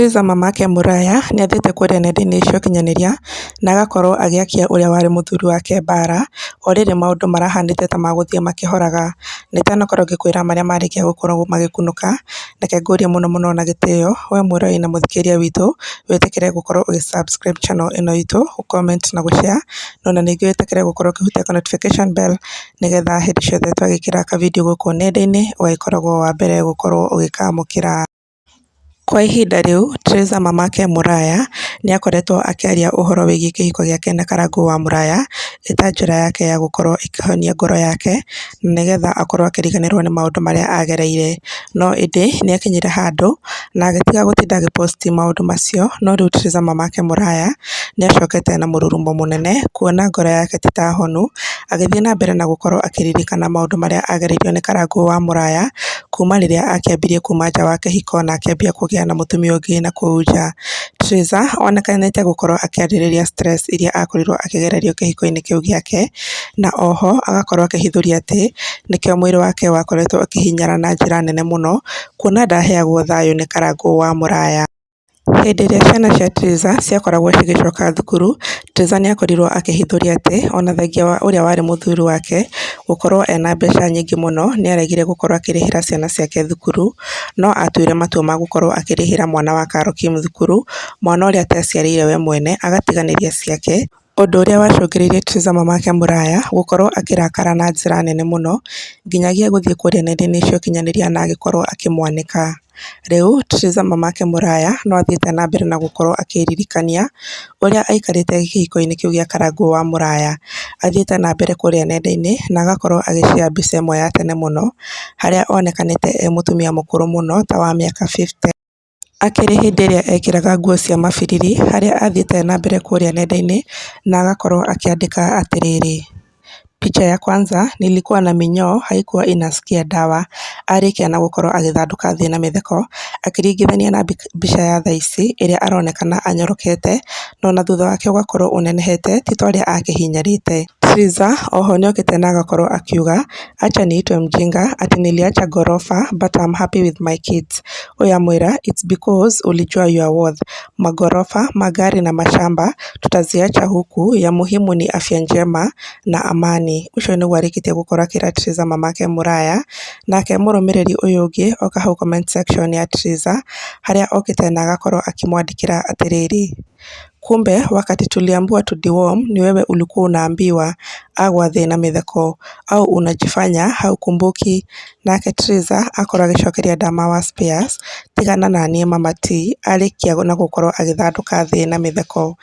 Theresa mamake Mũraya nĩathiĩte kũũrĩa nenda-inĩ cia ũkinyanĩria na agakorwo agĩakia ũrĩa warĩ mũthuri wake Bara o rĩrĩ maũndũ marahanĩte ta magũthiĩ makĩhoraga, na itanakorwo ngĩkwĩra marĩa marĩkia gũkorwo magĩkunũka, reke ngũrie mũno mũno na gĩtĩo we Mũrũi na mũthikĩria witũ wĩtĩkĩre gũkorwo ũgĩ subscribe channel ĩno itũ, comment na gũshare, na ona ningĩ wĩtĩkĩre gũkorwo ũkĩhutia notification bell nĩgetha hĩndĩ ciothe twagĩkĩra kavidiũ gũkũ nenda-inĩ ũgagĩkoragwo wa mbere gũkorwo ũgĩkamũkĩra. Kwa ihinda rĩu Teresa mamake Mũraya nĩakoretwo akĩaria ũhoro wĩgiĩ kĩhiko gĩake na Karangũ wa Muraya nĩ ta njĩra yake ya gũkorwo ĩkĩhonia ngoro yake, nĩgetha akorwo akĩriganĩrwo nĩ maũndũ marĩa agereire. No ĩndĩ akinyire handũ na agĩtiga gũtinda agĩposti maũndũ macio, no rĩu tizama make mũraya nĩacokete na mũrurumo mũnene, kuona ngoro yake ti ta honu, agĩthiĩ na mbere na gũkorwo akĩririkana maũndũ marĩa agereirio nĩ Karangũ wa Mũraya, kuma rĩrĩa akĩambirie kuma nja wa kĩhiko na akĩambia kũgĩa na mũtumia ũngĩ nakũu nja. Theresa onekanĩte gũkorwo akĩarĩrĩria stress iria akorirwo akĩgererio kĩhiko-inĩ kĩu gĩake, na oho agakorwo akĩhithũria atĩ nĩkĩo mwĩrĩ wake wakoretwo ũkĩhinyara na njĩra nene mũno kuona ndaheagwo thayũ nĩ Karangũ wa Mũraya. Hĩndĩ ĩrĩa ciana cia Theresa ciakoragwo cigĩcoka thukuru, Theresa nĩakorirwo akĩhithũria atĩ ona thengia wa ũrĩa warĩ mũthuri wake Gũkorwo ena mbeca nyingĩ mũno nĩaregire gũkorwo akĩrĩhĩra ciana ciake thukuru, no atuire matua ma gũkorwo akĩrĩhĩra mwana wa Carol Kim thukuru, mwana ũrĩa ataciarĩire we mwene agatiganĩria ciake, ũndũ ũrĩa wacũngĩrĩirie tizama wake mũraya gũkorwo akĩrakara na njĩra nene mũno, nginyagia gũthiĩ kũrĩa nenda-inĩ cia ũkinyanĩria na agĩkorwo akĩmwanĩka Rĩu tũtizama make mũraya no athiĩte na mbere na gũkorwo akĩĩririkania ũrĩa aikarĩte kĩhiko-inĩ kĩu gĩa Karangũ wa Mũraya. Athiĩte na mbere kũrĩa nenda-inĩ na agakorwo agĩ share mbica ĩmwe ya tene mũno, harĩa onekanĩte e mũtumia mũkũrũ mũno ta wa mĩaka 50 akĩrĩ hĩndĩ ĩrĩa ekĩraga nguo cia mabiriri, harĩa athiĩte na mbere kũrĩa nenda-inĩ na agakorwo akĩandĩka atĩrĩrĩ: Picha ya kwanza, nilikuwa na mĩnyoo haikuwa inasikia dawa arĩkia na gũkorwo agĩthandũka thĩ na mĩtheko akĩringithania na mbica ya thaa ici ĩrĩa aronekana anyorokete na ona thutha wake ũgakorwo ũnenehete ti ta ũrĩa akĩhinyarĩte. Friza oho nĩokĩte na agakorwo akiuga "acha niitwe mjinga ati niliacha gorofa but I'm happy with my kids" Uyo amwĩra "It's because ulijua your worth magorofa, magari na mashamba tutaziacha huku ya muhimu ni afya njema na amani" Ucio nĩguo arĩkĩtie gũkorwo akĩĩra Triza mamake Mũraya nake mũrũmĩrĩri ũyũ ũngĩ oka hau comment section ya Triza haria okĩte na agakorwo akĩmwandĩkĩra atiriri Kumbe wakati tuliambiwa to deworm ni wewe ulikuwa unaambiwa agwa na mitheko au unajifanya haukumbuki nake Triza akorwo dama Ndama wa Spears tigana na niĩ mama ti arĩkia na gũkorwo agĩthandũka thĩ na mĩtheko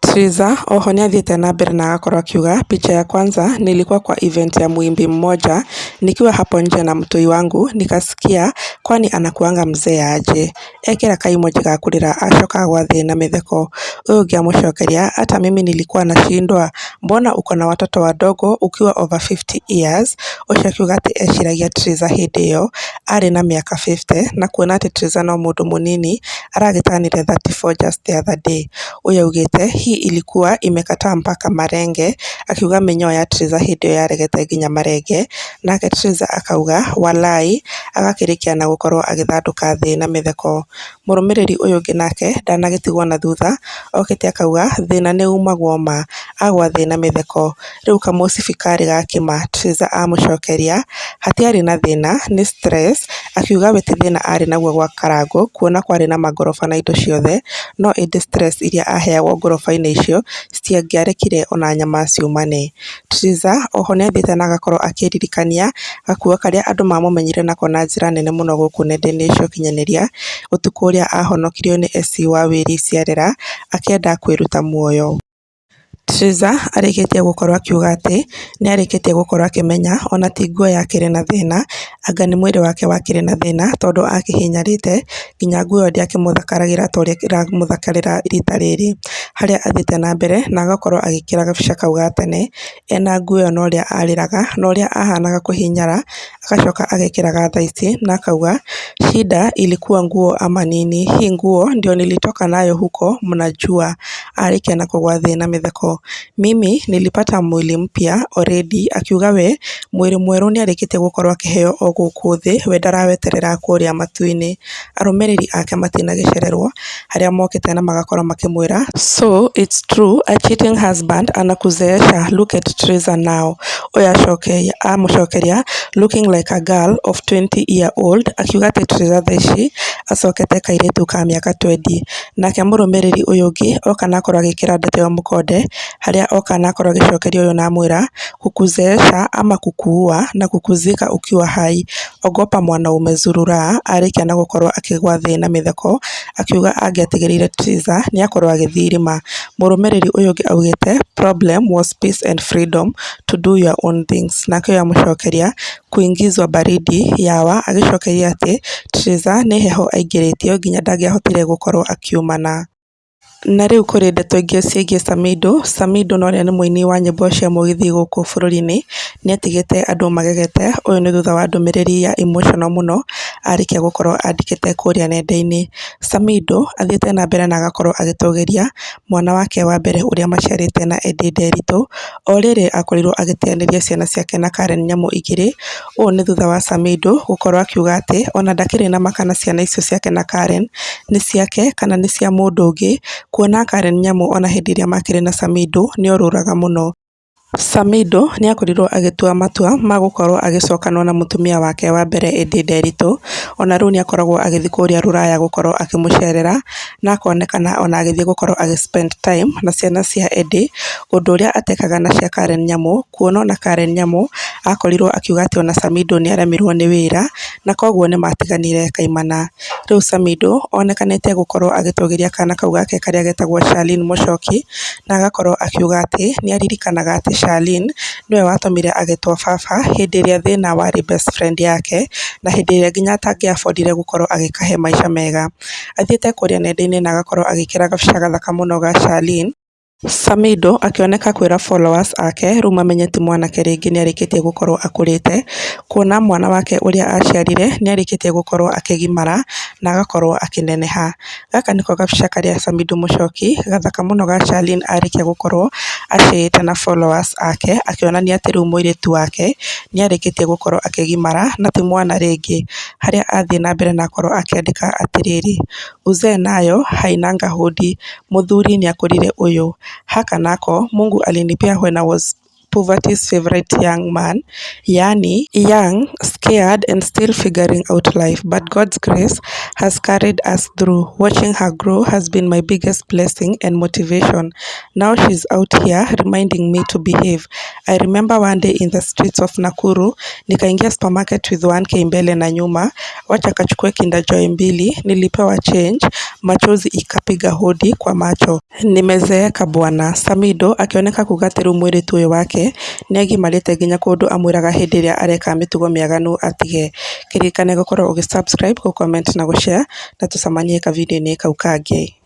Triza oho nĩathiĩte na mbere na agakorwo akiuga picha ya kwanza nilikuwa kwa event ya muimbi mmoja nikiwa hapo nje na mtoi wangu nikasikia kwani anakuanga mzee aje ekĩra kaimoji ga kũrĩra acoka agwa thĩ na mĩtheko ũyũ ngĩamũcokeria hata mimi nilikuwa nashindwa mbona uko na watoto wadogo ukiwa over 50 years ũcio akiuga atĩ eciragia Triza hĩndĩ ĩyo arĩ na miaka 50 na kuona atĩ Triza no mũndũ munini aragĩtanire 34 just the other day ũyũ augĩte hii ilikuwa imekataa mpaka Marenge akiuga mĩnyoo ya Triza hĩndĩ ĩyo yaregete nginya Marenge nake Triza akauga "walai" agakĩrĩkia na gũkorwo agĩthandũka thĩ na mĩtheko. Mũrũmĩrĩri ũyũ ũngĩ nake ndanagĩtigwo na thutha okĩte akauga thĩna nĩumagwo ma agwa thĩ na mĩtheko. Rĩu kamũcibi karĩ gakĩma Triza hati "hatiarĩ na thĩna, ni stress Akiuga we ti thĩna arĩ naguo gwa Karangũ kuona kwarĩ na mangoroba na indo ciothe, no ĩndĩ stress iria aheagwo ngoroba-inĩ icio citiangĩarekire ona nyama ciumane. Triza oho nĩathiĩte na agakorwo akĩririkania gakuo karĩa andũ mamũmenyire nako na njĩra nene mũno gũkũ nenda-inĩ cia ũkinyanĩria ũtukũ ũrĩa ahonokirio nĩ SC wa Wĩri Ciarera akĩenda kwĩruta muoyo. Triza arĩkĩtie gũkorwo akiuga atĩ nĩarĩkĩtie gũkorwo akĩmenya ona ti nguo ya kĩrĩ na thĩna anga nĩ mwĩrĩ wake wa na thĩna tondũ akĩhinyarĩte nginya nguo ĩyo ndĩakĩmũthakaragĩra ta ũrĩa ĩramũthakarĩra rita rĩrĩ, harĩa athiĩte na mbere na agakorwo agĩkĩra gabica kau ga tene ena nguo ĩyo na ũrĩa arĩraga na ũrĩa ahanaga kũhinyara agacoka agekĩra ga thaa ici na akauga shida ilikuwa nguo ama nini, hii nguo ndio nilitoka nayo huko mnajua, arĩkia na kũgwa thĩ na mĩtheko. Mimi nilipata mwili mpya already akiuga we mwĩrĩ mwerũ nĩarĩkĩtie gũkorwo akĩheo o gũkũ thĩ we ndaraweterera kũrĩa matu-inĩ. Arũmĩrĩri ake matinagĩcererwo arĩa mokĩte na magakorwo makimwira so it's true a cheating husband anakuzeesha look at Teresa now ũyũ amũcokeria looking like a girl of 20 year old akiuga atĩ Teresa thaa ici acokete kairĩtu ka mĩaka twendi, nake mũrũmĩrĩri ũyũ ũngĩ oka na akorwo agĩkĩra ndeto ĩyo mũkonde, harĩa oka na akorwo agĩcokeria ũyũ na amwĩra kukuzesha ama kukuua na kukuzika ukiwa hai, ogopa mwana umezurura, arĩkia na gũkorwo akĩgwa thĩ na mĩtheko, akiuga angĩatigĩrĩire Twiza nĩakorwo agĩthiĩ irima. Mũrũmĩrĩri ũyũ ũngĩ augĩte, problem was peace and freedom to do your own things nake ũyũ amũcokeria kuingizwa baridi yawa agĩcokeria atĩ Theresa nĩ heho aingĩrĩtio nginya ndangĩahotire gũkorwo akiumana na rĩu kũrĩ ndeto ingĩ ciĩgiĩ Samidoh Samidoh na ũrĩa nĩ mũini wa nyĩmbo cia mũgithi gũkũ bũrũri-inĩ nĩatigĩte andũ magegete ũyũ nĩ thutha wa ndũmĩrĩri ya emotional muno arĩkia gũkorwo andĩkĩte kũrĩa nenda-inĩ. Samidoh athiĩte na mbere na agakorwo agĩtũgĩria mwana wake wa mbere ũrĩa maciarĩte na Edie Nderitu, o rĩrĩ akorirwo agĩteanĩria ciana ciake na Karen Nyamu igĩrĩ. Ũũ nĩ thutha wa Samido gũkorwo akiuga atĩ ona ndakĩrĩ na ma kana ciana icio ciake na Karen nĩ ciake kana nĩ cia mũndũ ũngĩ, kuona Karen Nyamu ona hĩndĩ ĩrĩa makĩrĩ na Samidoh nĩorũraga mũno. Samidoh nĩakorirwo agitua matua ma gũkorwo agĩcokanwo na mutumia wake wa mbere Edi Nderitu ona rĩu nĩakoragwo agĩthiĩ kũrĩa rũraya gũkorwo akĩmũcerera na akonekana ona agĩthiĩ gukorwo agi spend time na ciana cia Edi ũndũ ũrĩa atekaga na cia Karen Nyamu kuona na Karen Nyamu akorirwo akiuga atĩ ona ni nĩaremirwo ni wira na ni matiganire kaimana. Rĩu Samidoh onekanĩte gukorwo agĩtũgĩria kana kau gake karĩa getagwo Charlene Muchoki na agakorwo akiuga ni aririkanaga ati Charlene nĩwe watũmire agetwo baba hĩndĩ ĩrĩa thĩna warĩ best friend yake na hĩndĩ ĩrĩa nginya atangĩabodire gũkorwo agĩkahe maica mega. Athiĩte kũrĩa nenda-inĩ na agakorwo agĩkĩra gabica gathaka mũno ga Charlene. Samido akioneka kwĩra followers ake rĩu mamenye ti mwanake rĩngĩ nĩarĩkĩtie gũkorwo akũrĩte kuona mwana wake ũrĩa aciarire nĩarĩkĩtie gũkorwo akĩgimara na agakorwo akĩneneha. Gaka nĩko gabica karĩa Samido Mũchoki gathaka mũno ga Charlene arĩkia gũkorwo acĩĩte na followers ake akĩonania atĩ rĩu mũirĩtu wake nĩarĩkĩtie gũkorwo akĩgimara na ti mwana rĩngĩ harĩa athiĩ na mbere na akorwo akĩandĩka atĩrĩrĩ, Uzee nayo hainanga hũdi, mũthuri nĩakũrire ũyũ. Haka nako Mungu alinipea when I was poverty's favorite young man, yani young, scared and still figuring out life. But God's grace has carried us through. Watching her grow has been my biggest blessing and motivation. Now she's out here reminding me to behave. I remember one day in the streets of Nakuru, nikaingia supermarket with 1k mbele na nyuma, wacha kachukue kinda Joy mbili, nilipewa change machozi ikapiga hodi kwa macho nimezeeka bwana Samido akioneka kugatirwo mwiritu uyu wake niagimarite nginya kundu amwiraga hindi iria areka mitugo miaganu atige kiririkane gukorwo ugisubscribe gucomment na gushare na tucemanie kavidio-inĩ kau kangĩ